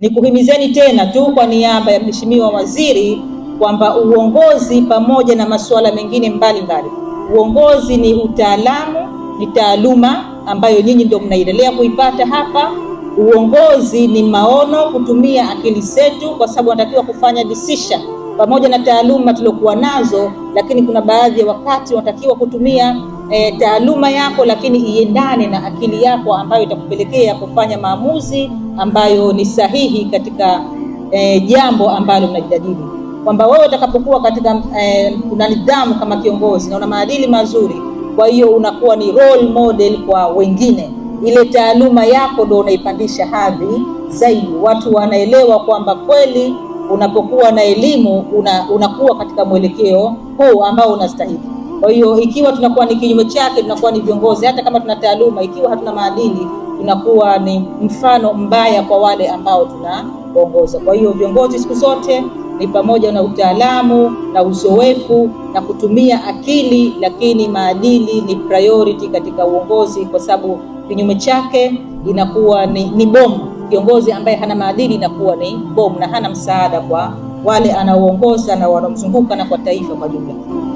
Nikuhimizeni tena tu kwa niaba ya Mheshimiwa Waziri kwamba uongozi pamoja na masuala mengine mbalimbali mbali. Uongozi ni utaalamu, ni taaluma ambayo nyinyi ndio mnaendelea kuipata hapa. Uongozi ni maono, kutumia akili zetu, kwa sababu wanatakiwa kufanya decision pamoja na taaluma tuliokuwa nazo, lakini kuna baadhi ya wakati wanatakiwa kutumia e, taaluma yako, lakini iendane na akili yako ambayo itakupelekea kufanya maamuzi ambayo ni sahihi katika e, jambo ambalo mnajadili, kwamba wewe utakapokuwa katika e, eh, una nidhamu kama kiongozi na una maadili mazuri, kwa hiyo unakuwa ni role model kwa wengine. Ile taaluma yako ndio unaipandisha hadhi zaidi, watu wanaelewa kwamba kweli unapokuwa na elimu una, unakuwa katika mwelekeo huu ambao unastahili. Kwa hiyo ikiwa tunakuwa ni kinyume chake, tunakuwa ni viongozi, hata kama tuna taaluma, ikiwa hatuna maadili unakuwa ni mfano mbaya kwa wale ambao tunaongoza. Kwa hiyo viongozi siku zote ni pamoja na utaalamu na uzoefu na kutumia akili, lakini maadili ni priority katika uongozi, kwa sababu kinyume chake inakuwa ni, ni bomu. Kiongozi ambaye hana maadili inakuwa ni bomu na hana msaada kwa wale anaoongoza na wanaomzunguka na kwa taifa kwa jumla.